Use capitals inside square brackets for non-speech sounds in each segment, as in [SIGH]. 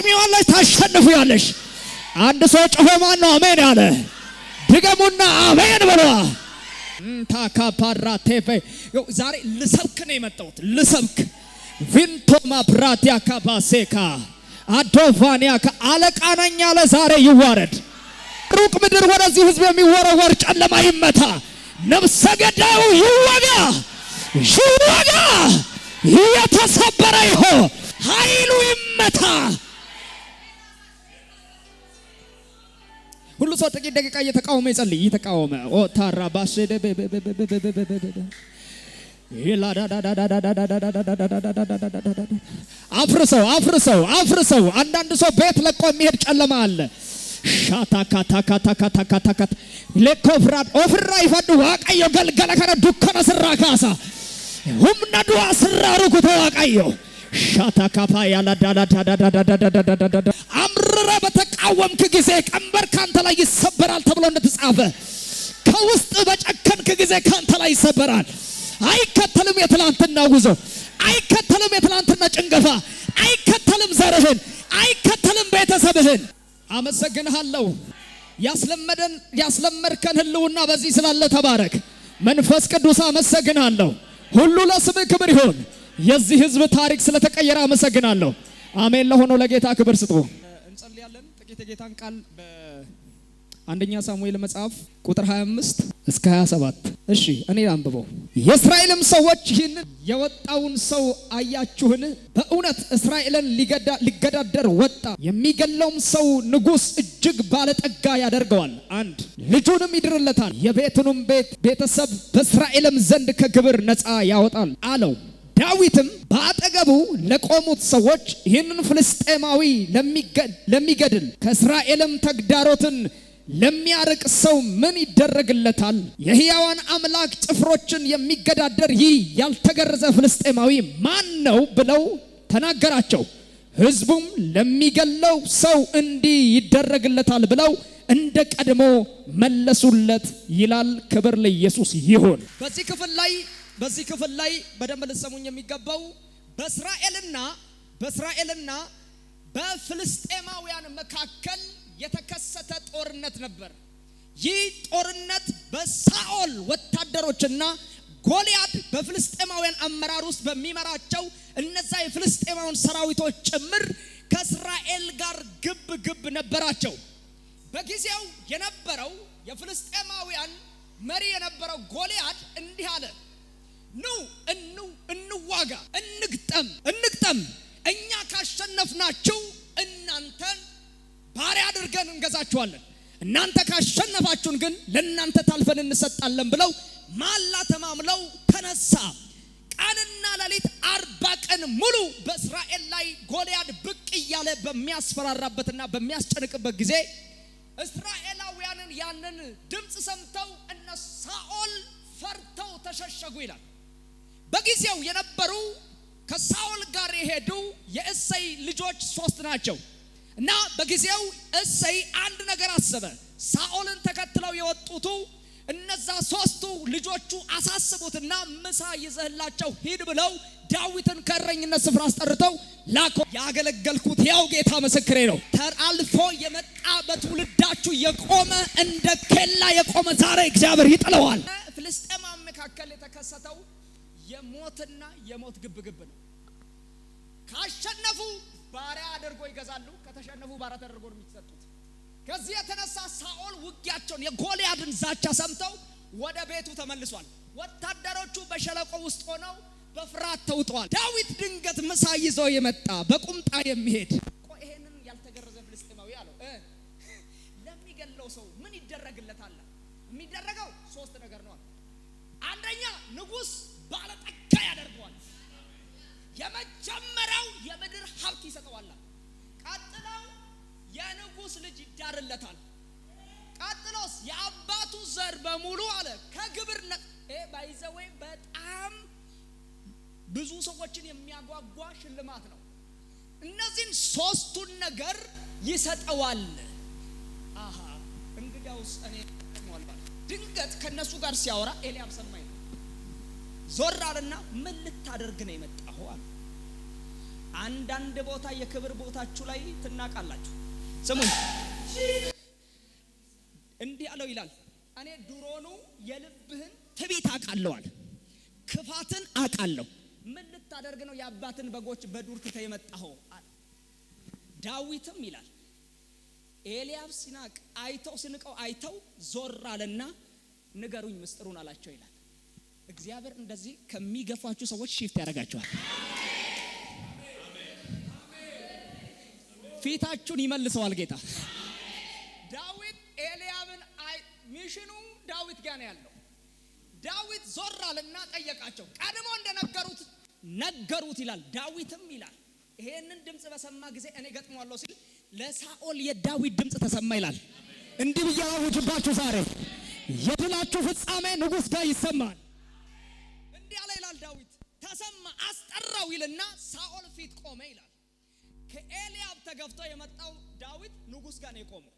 ትገጥሚዋለሽ፣ ታሸንፊያለሽ። አንድ ሰው ጮኸ። ማን ነው አሜን ያለ? ድገሙና አሜን በሏ። ታካፓራ ቴፌ ዛሬ ልሰብክ ነው የመጣሁት። ልሰብክ ቪንቶማ ብራቲያ ካባሴካ አዶቫኒያ አለቃ ነኝ ያለ ዛሬ ይዋረድ። ሩቅ ምድር ወደዚህ ህዝብ የሚወረወር ጨለማ ይመታ። ነፍሰ ገዳዩ ይወጋ ይወጋ። የተሰበረ ይሆ ኃይሉ ይመታ። ሁሉ ሰው ጥቂት ደቂቃ እየተቃወመ ይጸልይ። እየተቃወመ ኦታራ ባሽ አፍርሰው አፍርሰው አፍርሰው። አንዳንድ ሰው ቤት ለቆ የሚሄድ ጨለማ አለ። ሻታካታካታካታካታካት ሌኮፍራድ ኦፍራ ይፈዱ ዋቃዮ ገልገለ ከነ ዱከነ ስራ ካሳ ሁምነዱ አስራሩኩተ ዋቃዮ ሻታካፓ ያላዳላዳዳዳዳዳዳዳዳ አምርረ በተቃወምክ ጊዜ ቀንበር ካንተ ላይ ይሰበራል ተብሎ እንደተጻፈ ከውስጥ በጨከንክ ጊዜ ካንተ ላይ ይሰበራል። አይከተልም የትላንትና ጉዞ፣ አይከተልም የትላንትና ጭንገፋ፣ አይከተልም ዘርህን፣ አይከተልም ቤተሰብህን። አመሰግንሃለሁ። ያስለመደን ያስለመድከን ህልውና በዚህ ስላለ ተባረክ። መንፈስ ቅዱስ አመሰግናለሁ። ሁሉ ለስምህ ክብር ይሁን። የዚህ ህዝብ ታሪክ ስለተቀየረ አመሰግናለሁ። አሜን። ለሆኖ ለጌታ ክብር ስጡ። እንጸልያለን። ጥቂት የጌታን ቃል በአንደኛ ሳሙኤል መጽሐፍ ቁጥር 25 እስከ 27። እሺ እኔ አንብበው። የእስራኤልም ሰዎች ይህንን የወጣውን ሰው አያችሁን? በእውነት እስራኤልን ሊገዳደር ወጣ፣ የሚገለውም ሰው ንጉሥ እጅግ ባለጠጋ ያደርገዋል። አንድ ልጁንም ይድርለታል፣ የቤቱንም ቤት ቤተሰብ በእስራኤልም ዘንድ ከግብር ነፃ ያወጣል አለው ዳዊትም በአጠገቡ ለቆሙት ሰዎች ይህንን ፍልስጤማዊ ለሚገድል ከእስራኤልም ተግዳሮትን ለሚያርቅ ሰው ምን ይደረግለታል? የሕያዋን አምላክ ጭፍሮችን የሚገዳደር ይህ ያልተገረዘ ፍልስጤማዊ ማን ነው ብለው ተናገራቸው። ሕዝቡም ለሚገለው ሰው እንዲህ ይደረግለታል ብለው እንደ ቀድሞ መለሱለት ይላል። ክብር ለኢየሱስ ይሁን። በዚህ ክፍል ላይ በዚህ ክፍል ላይ በደንብ ልሰሙኝ የሚገባው በእስራኤልና በእስራኤልና በፍልስጤማውያን መካከል የተከሰተ ጦርነት ነበር። ይህ ጦርነት በሳኦል ወታደሮችና ጎልያድ በፍልስጤማውያን አመራር ውስጥ በሚመራቸው እነዛ የፍልስጤማውን ሰራዊቶች ጭምር ከእስራኤል ጋር ግብ ግብ ነበራቸው። በጊዜው የነበረው የፍልስጤማውያን መሪ የነበረው ጎልያድ እንዲህ አለ። ኑ እንዋጋ፣ እንግጠም እንግጠም። እኛ ካሸነፍናችሁ እናንተን ባሪያ አድርገን እንገዛችኋለን፣ እናንተ ካሸነፋችሁን ግን ለእናንተ ታልፈን እንሰጣለን ብለው ማላ ተማምለው ተነሳ። ቀንና ሌሊት አርባ ቀን ሙሉ በእስራኤል ላይ ጎልያድ ብቅ እያለ በሚያስፈራራበትና በሚያስጨንቅበት ጊዜ እስራኤላውያንን ያንን ድምፅ ሰምተው እነ ሳኦል ፈርተው ተሸሸጉ ይላል። በጊዜው የነበሩ ከሳውል ጋር የሄዱ የእሰይ ልጆች ሶስት ናቸው እና በጊዜው እሰይ አንድ ነገር አሰበ። ሳኦልን ተከትለው የወጡቱ እነዛ ሶስቱ ልጆቹ አሳስቡትና ምሳ ይዘህላቸው ሂድ ብለው ዳዊትን ከእረኝነት ስፍራ አስጠርተው ላኮ። ያገለገልኩት ያው ጌታ ምስክሬ ነው። ተላልፎ የመጣ በትውልዳችሁ የቆመ እንደ ኬላ የቆመ ዛሬ እግዚአብሔር ይጥለዋል። የሞትና የሞት ግብግብ ነው። ካሸነፉ ባሪያ አድርጎ ይገዛሉ፣ ከተሸነፉ ባሪያ ተደርጎ ነው የሚሰጡት። ከዚህ የተነሳ ሳኦል ውጊያቸውን የጎልያድን ዛቻ ሰምተው ወደ ቤቱ ተመልሷል። ወታደሮቹ በሸለቆ ውስጥ ሆነው በፍርሃት ተውጠዋል። ዳዊት ድንገት ምሳ ይዞ የመጣ በቁምጣ የሚሄድ ይሄንን ያልተገረዘ ፍልስጤማዊ አለው ለሚገለው ሰው ምን ይደረግለታል? የሚደረገው ሶስት ነገር ነው። አንደኛ ንጉስ? ባለጠጋ ያደርገዋል። የመጀመሪያው የምድር ሀብት ይሰጠዋል። ቀጥለው የንጉስ ልጅ ይዳርለታል። ቀጥሎስ የአባቱ ዘር በሙሉ አለ ከግብር ባይዘዌ በጣም ብዙ ሰዎችን የሚያጓጓ ሽልማት ነው። እነዚህን ሶስቱን ነገር ይሰጠዋል። አሀ እንግዲያውስ እኔ ድንገት ከእነሱ ጋር ሲያወራ ኤልያም ሰማኝ ዞር አለና ምን ልታደርግ ነው የመጣሁ አለ። አንዳንድ ቦታ የክብር ቦታችሁ ላይ ትናቃላችሁ። ስሙ እንዲህ አለው ይላል፣ እኔ ድሮኑ የልብህን ትቢት አውቃለሁ አለ፣ ክፋትን አውቃለሁ። ምን ልታደርግ ነው የአባትን በጎች በዱር ትተህ የመጣኸው አለ። ዳዊትም ይላል ኤልያብ ሲናቅ አይተው ሲንቀው አይተው ዞር አለና ንገሩኝ ምስጢሩን አላቸው ይላል እግዚአብሔር እንደዚህ ከሚገፏችሁ ሰዎች ሽፍት ያደርጋችኋል። ፊታችሁን ይመልሰዋል ጌታ። ዳዊት ኤልያብን ሚሽኑ ዳዊት ጋር ነው ያለው። ዳዊት ዞር አለና ጠየቃቸው። ቀድሞ እንደነገሩት ነገሩት ይላል። ዳዊትም ይላል ይሄንን ድምፅ በሰማ ጊዜ እኔ ገጥሟለሁ ሲል ለሳኦል የዳዊት ድምፅ ተሰማ ይላል። እንዲህ ብዬ አውጅባችሁ ዛሬ የድላችሁ ፍጻሜ ንጉሥ ጋር ይሰማል። ከበድ ያለ ይላል ዳዊት ተሰማ አስጠራው ይልና ሳኦል ፊት ቆመ ይላል። ከኤልያብ ተገፍቶ የመጣው ዳዊት ንጉስ ጋር ነው የቆመው።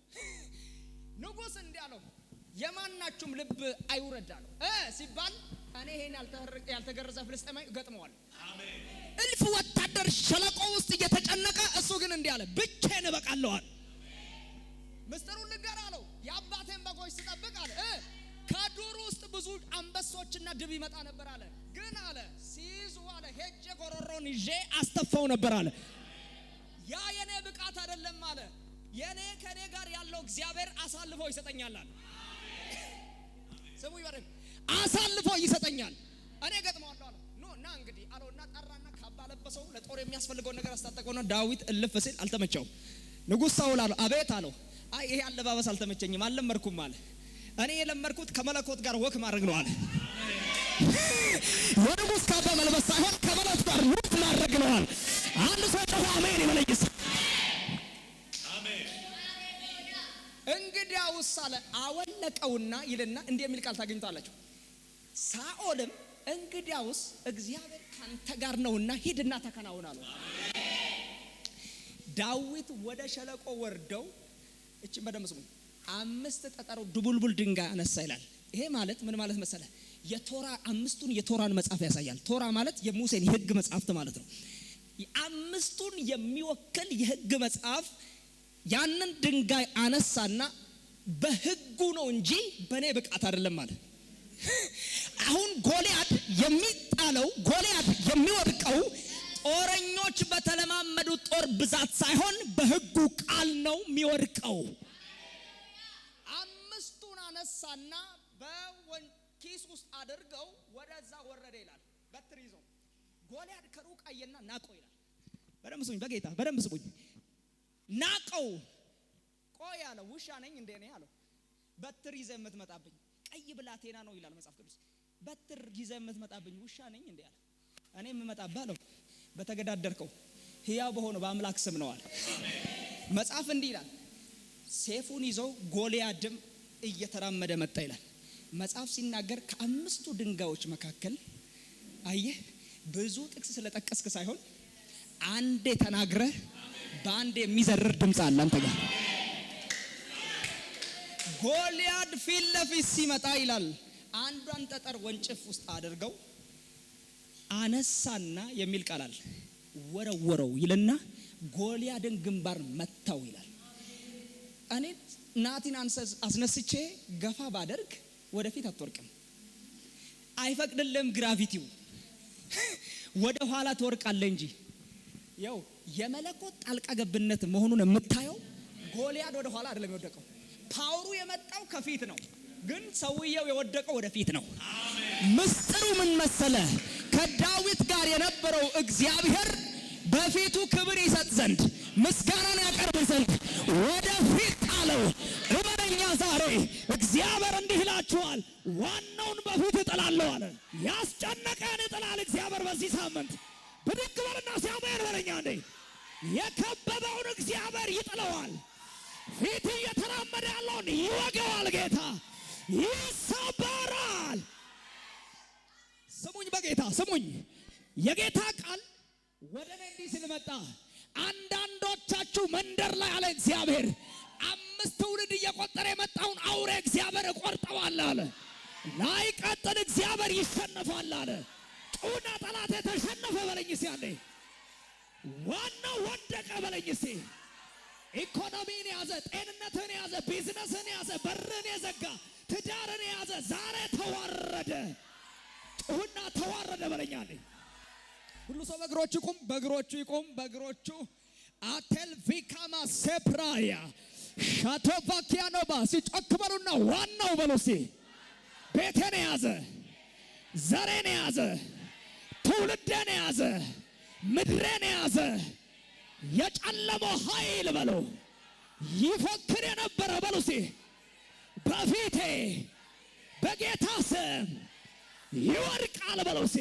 ንጉስ እንዲህ አለው የማናችሁም ልብ አይውረድ አለው ሲባል እኔ ይሄን ያልተገረዘ ፍልስጤማ ገጥመዋል። እልፍ ወታደር ሸለቆ ውስጥ እየተጨነቀ እሱ ግን እንዲህ አለ ብቻዬን እበቃለሁ አለ። ምስጢሩን ልንገር አለው የአባቴን በጎች ስጠብቅ አለ ከዱር ውስጥ ብዙ አንበሶችና ድብ ይመጣ ነበር አለ ግን አለ ሲይዙ አለ ሄጄ ጎረሮን ይዤ አስተፋው ነበር አለ። ያ የኔ ብቃት አይደለም አለ። የኔ ከኔ ጋር ያለው እግዚአብሔር አሳልፎ ይሰጠኛል አለ። ስሙ ይባረክ። አሳልፎ ይሰጠኛል እኔ ገጥመዋለሁ አለ። ኖ እና እንግዲህ አለውና ጠራና ካባ ለበሰው ለጦር የሚያስፈልገውን ነገር አስታጠቀውና ዳዊት እልፍ ሲል አልተመቸውም። ንጉሥ ሳውል አለው አቤት አለው። አይ ይሄ አለባበስ አልተመቸኝም አልለመድኩም አለ። እኔ የለመድኩት ከመለኮት ጋር ወክ ማድረግ ነው አለ። የንጉሥ ካባ መልበስ ሳይሆን ከበለት ጋር ልብስ ማድረግ ነዋል። አንድ ሰው ጮኸ አሜን ይመለይስ። እንግዲያውስ አለ አወለቀውና ይልና እንዲህ የሚል ቃል ታገኝቷላችሁ። ሳኦልም እንግዲያውስ እግዚአብሔር ካንተ ጋር ነውና ሂድና ተከናውን አለው። ዳዊት ወደ ሸለቆ ወርደው እችን በደምብ ስሙ፣ አምስት ጠጠሮ ድቡልቡል ድንጋይ አነሳ ይላል። ይሄ ማለት ምን ማለት መሰለህ? የቶራ አምስቱን የቶራን መጽሐፍ ያሳያል። ቶራ ማለት የሙሴን የህግ መጽሐፍት ማለት ነው። አምስቱን የሚወክል የህግ መጽሐፍ ያንን ድንጋይ አነሳና በህጉ ነው እንጂ በእኔ ብቃት አይደለም ማለት አሁን ጎልያድ የሚጣለው ጎልያድ የሚወድቀው ጦረኞች በተለማመዱ ጦር ብዛት ሳይሆን በህጉ ቃል ነው የሚወድቀው። አምስቱን አነሳና አድርገው ወደዛ ወረደ ይላል። በትር ይዞ ጎልያድ ከሩቅ አየና ናቀው ይላል። በደንብ ስሙኝ፣ በጌታ በደንብ ስሙኝ። ናቀው። ቆይ አለ፣ ውሻ ነኝ እንዴ እኔ አለው። በትር ይዘ የምትመጣብኝ ቀይ ብላቴና ነው ይላል መጽሐፍ ቅዱስ። በትር ይዘ የምትመጣብኝ ውሻ ነኝ እንዴ አለ። እኔ የምመጣብህ አለው በተገዳደርከው ሕያው በሆነ በአምላክ ስም ነው አለ። መጽሐፍ እንዲህ ይላል፣ ሴፉን ይዞ ጎልያድም እየተራመደ መጣ ይላል። መጽሐፍ ሲናገር ከአምስቱ ድንጋዮች መካከል አየህ፣ ብዙ ጥቅስ ስለጠቀስክ ሳይሆን አንዴ ተናግረ በአንዴ የሚዘርር ድምፅ አለ አንተ ጋር። ጎልያድ ፊት ለፊት ሲመጣ ይላል አንዷን ጠጠር ወንጭፍ ውስጥ አድርገው አነሳና የሚል ቃል አለ። ወረወረው ይልና ጎልያድን ግንባር መታው ይላል። እኔ ናቲን አስነስቼ ገፋ ባደርግ ወደፊት አትወርቅም። አይፈቅድልም ግራቪቲው [LAUGHS] ወደ ኋላ ትወርቃለ እንጂ ያው የመለኮት ጣልቃ ገብነት መሆኑን የምታየው ጎልያድ ወደ ኋላ አይደለም የወደቀው። ፓወሩ የመጣው ከፊት ነው፣ ግን ሰውየው የወደቀው ወደፊት ነው። ምስጢሩ ምን መሰለ? ከዳዊት ጋር የነበረው እግዚአብሔር በፊቱ ክብር ይሰጥ ዘንድ ምስጋናን ያቀርብ ዘንድ ወደፊት አለው። ዛሬ እግዚአብሔር እንዲህ ይላችኋል፣ ዋናውን በፊት እጥላለሁ አለ። ያስጨነቀን እጥላል እግዚአብሔር በዚህ ሳምንት። ብድግ በልና ሲያመን በለኛ እንዴ! የከበበውን እግዚአብሔር ይጥለዋል። ፊት እየተራመደ ያለውን ይወገዋል። ጌታ ይሰበራል። ስሙኝ፣ በጌታ ስሙኝ። የጌታ ቃል ወደ እኔ እንዲህ ሲል መጣ። አንዳንዶቻችሁ መንደር ላይ አለ እግዚአብሔር አምስት ትውልድ እየቆጠረ የመጣውን አውሬ እግዚአብሔር እቆርጠዋል አለ። ላይ ቀጥል እግዚአብሔር ይሸነፋል አለ። ጡና ጠላት የተሸነፈ በለኝ እስቲ አለ። ዋናው ወደቀ በለኝ እስቲ። ኢኮኖሚን የያዘ ጤንነትን የያዘ ቢዝነስን የያዘ በርን የዘጋ ትዳርን የያዘ ዛሬ ተዋረደ። ጩሁና ተዋረደ በለኛ አለ። ሁሉ ሰው በእግሮቹ ይቁም፣ በእግሮቹ ይቁም፣ በእግሮቹ አቴልቪካማ ሴፕራያ ሻቶቫኪያ ኖባ ሲጮክ በሉና ዋናው በሉ ሲ ቤቴን የያዘ ዘሬን የያዘ ትውልዴን የያዘ ምድሬን የያዘ የጨለመው ኃይል በሉ ይፎክር የነበረ በሉ ሲ በፊቴ በጌታ ስም ይወድቃል በሉ ሲ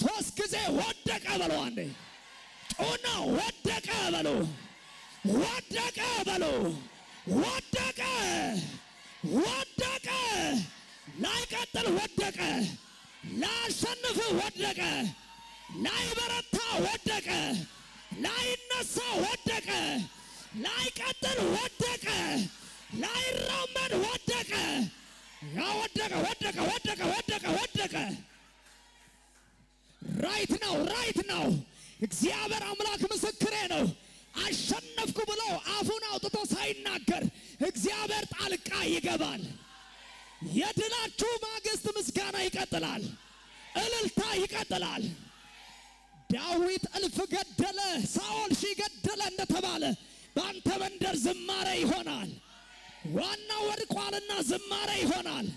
ሶስት ጊዜ ወደቀ በሉ አንዴ ጩና ወደቀ በሉ ወደቀ በሎ ወደቀ ወደቀ ላይቀጥል ወደቀ ላሸንፍ ወደቀ ላይበረታ ወደቀ ላይነሳ ወደቀ ላይቀጥል ወደቀ ላይራመድ ወደቀ ወደቀ ወደቀ ወደቀ ወደቀ ወደቀ። ራይት ነው ራይት ነው። እግዚአብሔር አምላክ ምስክሬ ነው። አሸነፍኩ ብሎ አፉን አውጥቶ ሳይናገር እግዚአብሔር ጣልቃ ይገባል። የድላችሁ ማግስት ምስጋና ይቀጥላል፣ እልልታ ይቀጥላል። ዳዊት እልፍ ገደለ፣ ሳኦል ሺ ገደለ እንደተባለ በአንተ መንደር ዝማሬ ይሆናል። ዋና ወድቋልና ዝማሬ ይሆናል።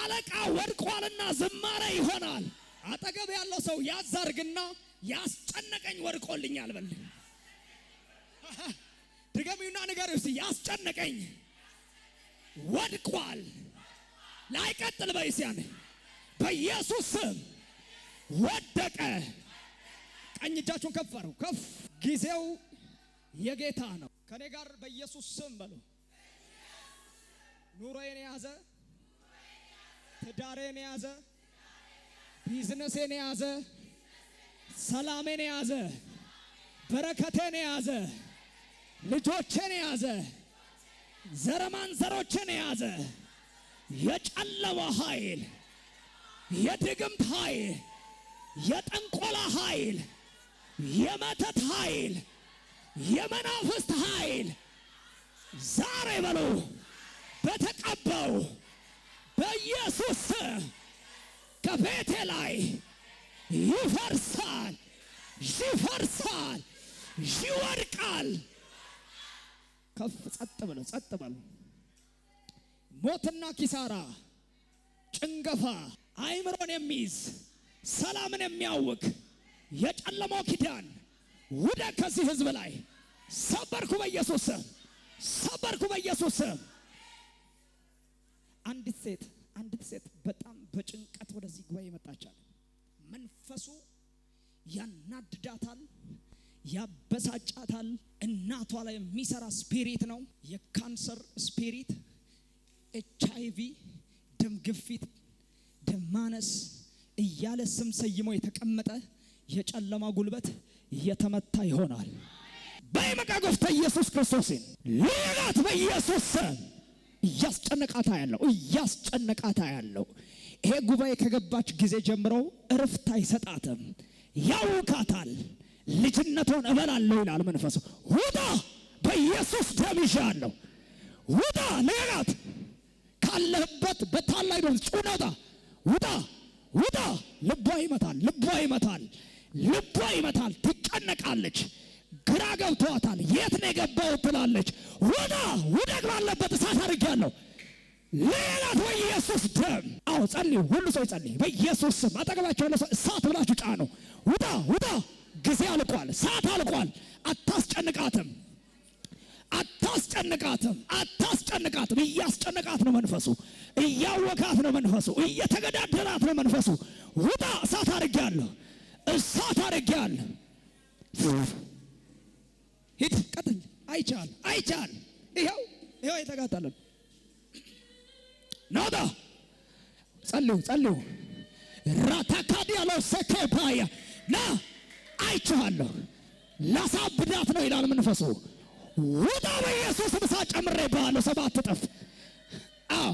አለቃ ወድቋልና ዝማሬ ይሆናል። አጠገብ ያለው ሰው ያዛርግና ያስጨነቀኝ ወድቆልኛል በልኝ። ድገሚና ንገር እስቲ ያስጨነቀኝ ወድቋል። ላይቀጥል በይስያን በኢየሱስ ስም ወደቀ። ቀኝ እጃችሁን ከፍ አድርጉ። ከፍ ጊዜው የጌታ ነው። ከኔ ጋር በኢየሱስ ስም በሉ። ኑሮዬን የያዘ ትዳሬን የያዘ ቢዝነሴን የያዘ ሰላሜን የያዘ በረከቴን የያዘ ልጆችን የያዘ ዘሮችን የያዘ የጨለማ ኃይል፣ የድግምት ኃይል፣ የጠንቆላ ኃይል፣ የመተት ኃይል፣ የመናፍስት ኃይል ዛሬ በሉ በተቀበው በኢየሱስ ከቤቴ ላይ ይፈርሳል፣ ይፈርሳል፣ ይወድቃል። ከፍ ጸጥ በሉ፣ ጸጥ በሉ። ሞትና ኪሳራ፣ ጭንገፋ፣ አይምሮን የሚይዝ ሰላምን የሚያውክ የጨለመው ኪዳን ውደ ከዚህ ህዝብ ላይ ሰበርኩ፣ በኢየሱስ ስም ሰበርኩ፣ በኢየሱስ ስም። አንዲት ሴት አንዲት ሴት በጣም በጭንቀት ወደዚህ ጉባኤ መጣቻል። መንፈሱ ያናድዳታል። ያበሳጫታል። እናቷ ላይ የሚሰራ ስፒሪት ነው። የካንሰር ስፒሪት፣ ኤች አይ ቪ፣ ደም ግፊት፣ ደም ማነስ እያለ ስም ሰይሞ የተቀመጠ የጨለማ ጉልበት እየተመታ ይሆናል። በመቃጎፍተ ኢየሱስ ክርስቶስን ሌላት በኢየሱስ ስም እያስጨነቃታ ያለው እያስጨነቃታ ያለው ይሄ ጉባኤ ከገባች ጊዜ ጀምሮ እርፍት አይሰጣትም፣ ያውካታል። ልጅነቱን እበላለሁ ይላል መንፈሱ። ውጣ በኢየሱስ ደም ይሻለሁ። ውጣ ልቀቃት፣ ካለህበት በታላይ ድምፅ ጩኸት ውጣ፣ ውጣ። ልቧ ይመታል፣ ልቧ ይመታል፣ ልቧ ይመታል። ትጨነቃለች፣ ግራ ገብቷታል። የት ነው የገባው ትላለች። ውጣ፣ ውደቅ፣ ባለበት እሳት አድርጌያለሁ። ልቀቃት በኢየሱስ ደም። አዎ ጸልዩ፣ ሁሉ ሰው ይጸልይ በኢየሱስ ስም። አጠገባቸው ያለ ሰው እሳት ብላችሁ ጫኑ። ውጣ፣ ውጣ ሰዓት አልቋል። አታስጨንቃትም፣ አታስጨንቃትም፣ አታስጨንቃትም። እያስጨንቃት ነው መንፈሱ፣ እያወካት ነው መንፈሱ፣ እየተገዳደራት ነው መንፈሱ። ውጣ! እሳት አርጌያለሁ፣ እሳት አርጌያለሁ። ሂድ፣ ቀጥል። አይቻል፣ አይቻል። ይኸው፣ ይኸው የተጋጠለን ናውጣ ጸልዩ፣ ጸልዩ ራታካዲ ያለው ሰኬ ባያ ና አይቼሃለሁ፣ ላሳብዳት ነው ይላል መንፈሱ። ውጣ በኢየሱስ ምሳ ጨምሬ ባለው ሰባት እጥፍ። አዎ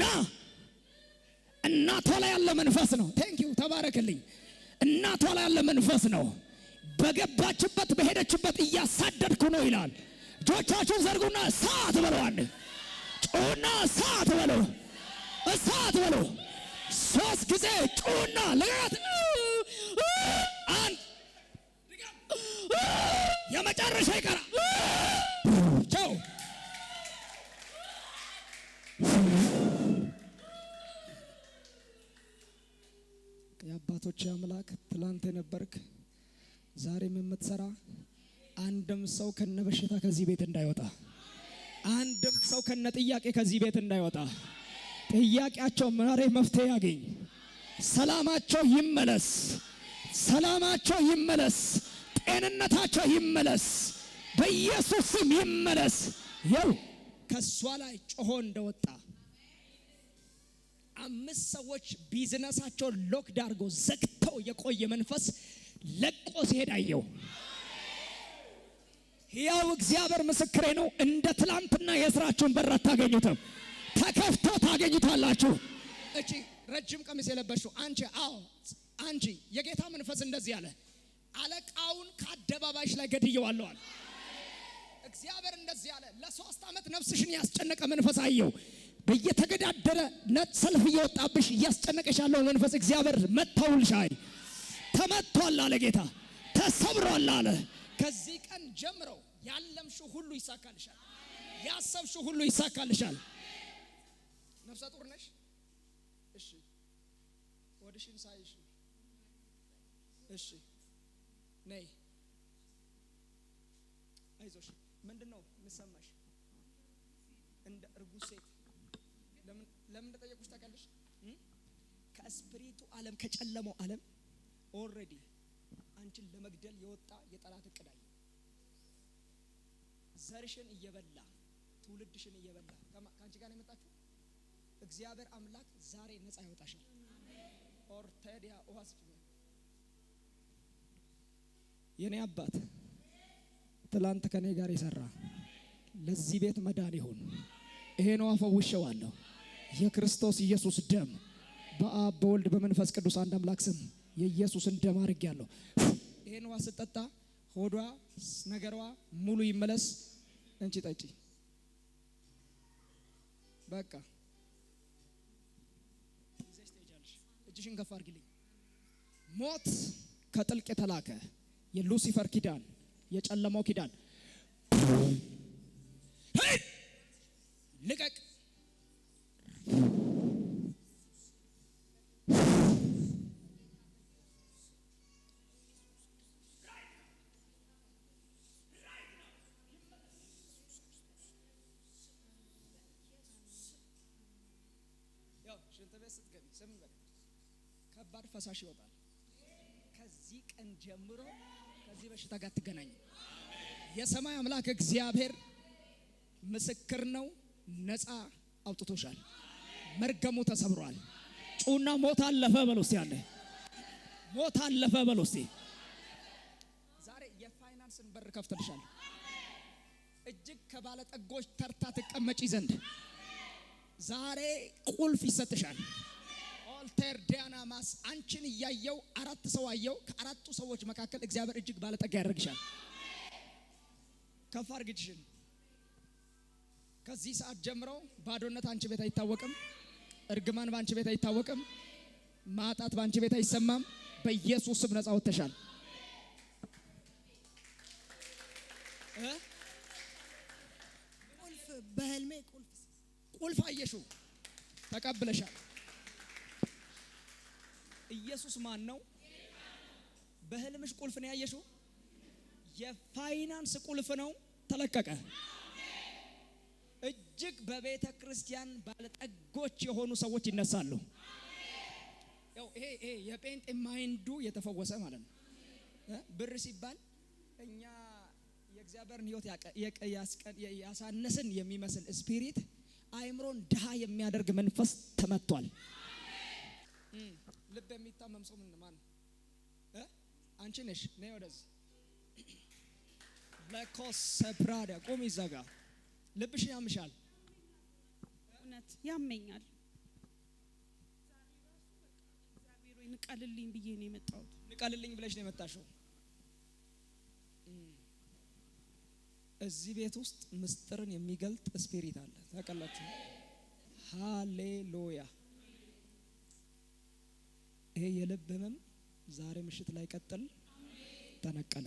ና እናቷ ላይ ያለ መንፈስ ነው። ቴንኪዩ ተባረክልኝ። እናቷ ላይ ያለ መንፈስ ነው። በገባችበት በሄደችበት እያሳደድኩ ነው ይላል። እጆቻችሁን ዘርጉና ሳት ብለዋል። ጩና እሳት በለው፣ እሳት በለው። ሶስት ጊዜ ጩና ልቀት። አንድ የመጨረሻ ይቀራል። ቻው የአባቶች አምላክ ትላንት የነበርክ ዛሬም የምትሰራ አንድም ሰው ከነበሽታ ከዚህ ቤት እንዳይወጣ አንድ ሰው ከነ ጥያቄ ከዚህ ቤት እንዳይወጣ ጥያቄያቸው ዛሬ መፍትሄ ያገኝ። ሰላማቸው ይመለስ፣ ሰላማቸው ይመለስ፣ ጤንነታቸው ይመለስ፣ በኢየሱስ ስም ይመለስ። ይው ከእሷ ላይ ጮሆ እንደወጣ አምስት ሰዎች ቢዝነሳቸውን ሎክድ አድርጎ ዘግተው የቆየ መንፈስ ለቆ ሲሄድ አየው። ያው እግዚአብሔር ምስክሬ ነው። እንደ ትላንትና የስራችሁን በር አታገኙትም፣ ተከፍቶ ታገኙታላችሁ። እቺ ረጅም ቀሚስ የለበሽው አንቺ፣ አዎ አንቺ፣ የጌታ መንፈስ እንደዚህ አለ፣ አለቃውን ከአደባባይሽ ላይ ገድየዋለዋል። እግዚአብሔር። እንደዚህ አለ፣ ለሶስት ዓመት ነፍስሽን ያስጨነቀ መንፈስ አየው። በየተገዳደረ ነት ሰልፍ እየወጣብሽ እያስጨነቀሽ ያለው መንፈስ እግዚአብሔር መታውልሻል። ተመቷል አለ ጌታ፣ ተሰብሯል አለ ከዚህ ቀን ጀምሮ ያለምሽው ሁሉ ይሳካልሻል። ያሰብሽው ሁሉ ይሳካልሻል። ነፍሰ ጡር ነሽ? እሺ፣ ወድሽን ሳይሽ፣ እሺ፣ ነይ፣ አይዞሽ። ምንድን ነው የምሰማሽ? እንደ እርጉዝ ሴት ለምን እንደጠየቁሽ ታውቂያለሽ? ከስፕሪቱ ዓለም ከጨለመው ዓለም ኦልሬዲ አንቺን ለመግደል የወጣ የጠላት እቅድ አለ። ዘርሽን እየበላ ትውልድሽን እየበላ ከአንቺ ጋር የመጣችሁ እግዚአብሔር አምላክ ዛሬ ነጻ ያወጣሻል። ኦርቴዲያ ዋስ የኔ አባት ትላንት ከኔ ጋር የሰራ ለዚህ ቤት መዳን ይሁን። ይሄ ነው አፈውሸዋለሁ። የክርስቶስ ኢየሱስ ደም በአብ በወልድ በመንፈስ ቅዱስ አንድ አምላክ ስም የኢየሱስን ደም አድርጌያለሁ። ይሄን ውሃ ስጠጣ ሆዷ ነገሯ ሙሉ ይመለስ። እንቺ ጠጪ በቃ እጅሽን ከፍ አድርጊልኝ። ሞት ከጥልቅ የተላከ የሉሲፈር ኪዳን የጨለማው ኪዳን ከባድ ፈሳሽ ይወጣል። ከዚህ ቀን ጀምሮ ከዚህ በሽታ ጋር ትገናኝ። የሰማይ አምላክ እግዚአብሔር ምስክር ነው። ነፃ አውጥቶሻል። መርገሙ ተሰብሯል። ጩና ሞት አለፈ በሎስ ያለ ሞት አለፈ በሎስ። ዛሬ የፋይናንስን በር ከፍተልሻል። እጅግ ከባለጠጎች ተርታ ትቀመጪ ዘንድ ዛሬ ቁልፍ ይሰጥሻል። ኦልተር ዲያናማስ አንቺን እያየው አራት ሰው አየው። ከአራቱ ሰዎች መካከል እግዚአብሔር እጅግ ባለጠጋ ያደርግሻል። ከፍ አድርግሽን። ከዚህ ሰዓት ጀምሮ ባዶነት አንቺ ቤት አይታወቅም። እርግማን በአንቺ ቤት አይታወቅም። ማጣት በአንቺ ቤት አይሰማም። በኢየሱስ ስም ነጻ ወጥተሻል። ቁልፍ በህልሜ ቁልፍ ቁልፍ አየሽው፣ ተቀብለሻል። ኢየሱስ ማን ነው? በህልምሽ ቁልፍ ነው ያየሽው? የፋይናንስ ቁልፍ ነው ተለቀቀ። እጅግ በቤተ ክርስቲያን ባለጠጎች የሆኑ ሰዎች ይነሳሉ። ያው ይሄ የጴንጤ ማይንዱ የተፈወሰ ማለት ነው። ብር ሲባል እኛ የእግዚአብሔርን ህይወት ያሳነስን የሚመስል ስፒሪት አይምሮን ድሃ የሚያደርግ መንፈስ ተመቷል። ልብ የሚታመም ሰው ምን ማን አንቺ ነሽ። ነይ ወደዚህ ለኮስ ሰፕራዳ ቁም ይዘጋ ልብሽ ያምሻል። እውነት ያመኛል። እግዚአብሔር ንቀልልኝ ብዬ ነው የመጣሁት። ንቀልልኝ ብለሽ ነው የመጣሽው። እዚህ ቤት ውስጥ ምስጥርን የሚገልጥ ስፒሪት አለ። ታውቃላችሁ። ሃሌሉያ ይሄ የልብ ህመም ዛሬ ምሽት ላይ ቀጥል ተነቀለ።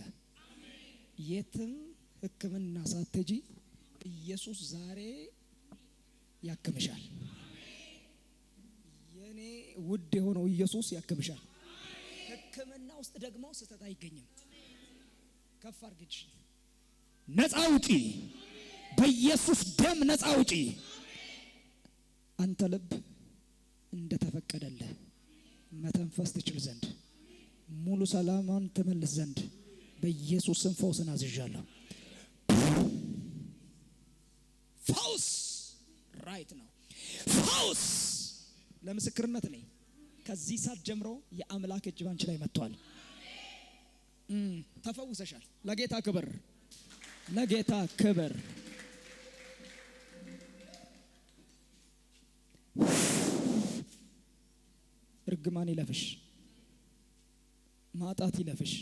የትም ህክምና ሳትሄጂ ኢየሱስ ዛሬ ያክምሻል። የኔ ውድ የሆነው ኢየሱስ ያክምሻል። ህክምና ውስጥ ደግሞ ስህተት አይገኝም። ከፍ አርግጅ፣ ነፃ ውጪ፣ በኢየሱስ ደም ነጻ ውጪ። አንተ ልብ እንደተፈቀደልህ መተንፈስ ትችል ዘንድ ሙሉ ሰላማን ትመልስ ዘንድ በኢየሱስ ስም ፈውስን አዝዣለሁ። ፈውስ ራይት ነው። ፈውስ ለምስክርነት ነኝ። ከዚህ ሰዓት ጀምሮ የአምላክ እጅ ባንቺ ላይ መጥቷል። ተፈውሰሻል። ለጌታ ክብር፣ ለጌታ ክብር እርግማን ይለፍሽ፣ ማጣት ይለፍሽ፣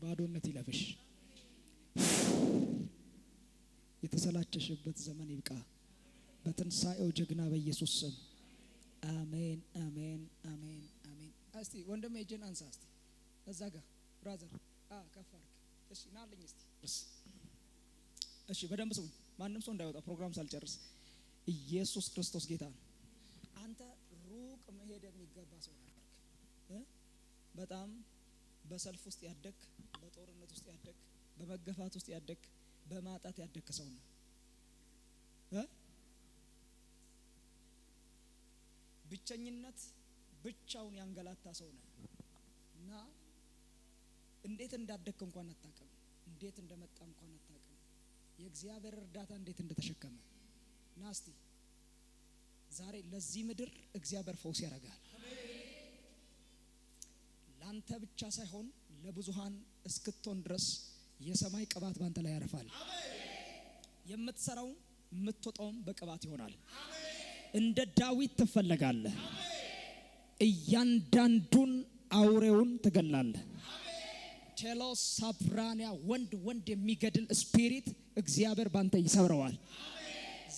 ባዶነት ይለፍሽ። የተሰላቸሽበት ዘመን ይብቃ። በትንሣኤው ጀግና በኢየሱስ ስም አሜን፣ አሜን፣ አሜን፣ አሜን። እስቲ ወንድሜ እጅን አንሳ እስቲ እዛ ጋ ብራዘር ከፍ አድርግ። እሺ ናለኝ። እስቲ እሺ፣ በደንብ ስሙኝ። ማንም ሰው እንዳይወጣ ፕሮግራም ሳልጨርስ ኢየሱስ ክርስቶስ ጌታ ነው። አንተ መሄድ የሚገባ ሰው ነበርክ። በጣም በሰልፍ ውስጥ ያደግ፣ በጦርነት ውስጥ ያደግ፣ በመገፋት ውስጥ ያደግ፣ በማጣት ያደግ ሰው ነው። ብቸኝነት ብቻውን ያንገላታ ሰው ነው እና እንዴት እንዳደግክ እንኳን አታውቅም። እንዴት እንደመጣ እንኳን አታውቅም። የእግዚአብሔር እርዳታ እንዴት እንደተሸከመ ናስቲ ዛሬ ለዚህ ምድር እግዚአብሔር ፈውስ ያደርጋል። ለአንተ ብቻ ሳይሆን ለብዙሃን እስክትሆን ድረስ የሰማይ ቅባት ባንተ ላይ ያርፋል። የምትሰራው የምትወጣውም በቅባት ይሆናል። እንደ ዳዊት ትፈለጋለህ። እያንዳንዱን አውሬውን ትገላለህ። ቴሎስ ሳፕራኒያ ወንድ ወንድ የሚገድል ስፒሪት እግዚአብሔር ባንተ ይሰብረዋል።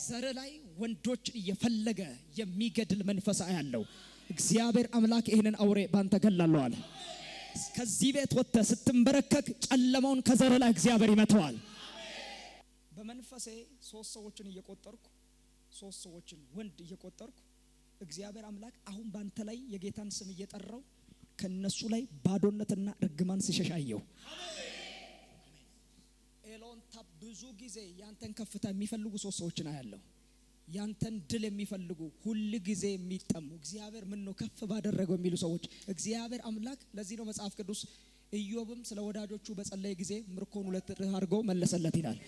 ዘር ላይ ወንዶችን እየፈለገ የሚገድል መንፈስ ያለው እግዚአብሔር አምላክ ይህንን አውሬ ባንተ ገላለዋል። ከዚህ ቤት ወጥተ ስትንበረከክ ጨለማውን ከዘር ላይ እግዚአብሔር ይመተዋል። በመንፈሴ ሶስት ሰዎችን እየቆጠርኩ ሶስት ሰዎችን ወንድ እየቆጠርኩ እግዚአብሔር አምላክ አሁን ባንተ ላይ የጌታን ስም እየጠራው ከነሱ ላይ ባዶነትና እርግማን ሲሸሻየው ኤሎንታ ብዙ ጊዜ ያንተን ከፍታ የሚፈልጉ ሶስት ሰዎችን አያለሁ። ያንተን ድል የሚፈልጉ ሁል ጊዜ የሚጠሙ እግዚአብሔር ምን ነው ከፍ ባደረገው የሚሉ ሰዎች እግዚአብሔር አምላክ ለዚህ ነው መጽሐፍ ቅዱስ ኢዮብም ስለ ወዳጆቹ በጸለየ ጊዜ ምርኮን ሁለት እጥፍ አድርጎ መለሰለት ይላል።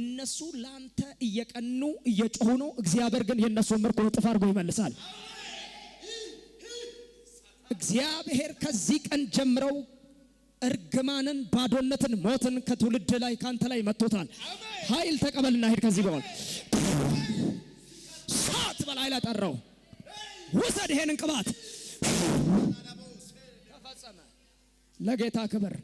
እነሱ ላንተ እየቀኑ እየጮሁ ነው፣ እግዚአብሔር ግን የእነሱን ምርኮ እጥፍ አድርጎ ይመልሳል። እግዚአብሔር ከዚህ ቀን ጀምረው እርግማንን፣ ባዶነትን፣ ሞትን ከትውልድ ላይ ካንተ ላይ መጥቶታል። ኃይል ተቀበልና ሂድ ከዚህ በኋላ ኃይል አጠራው። ውሰድ ይሄንን ቅባት ለጌታ ክብር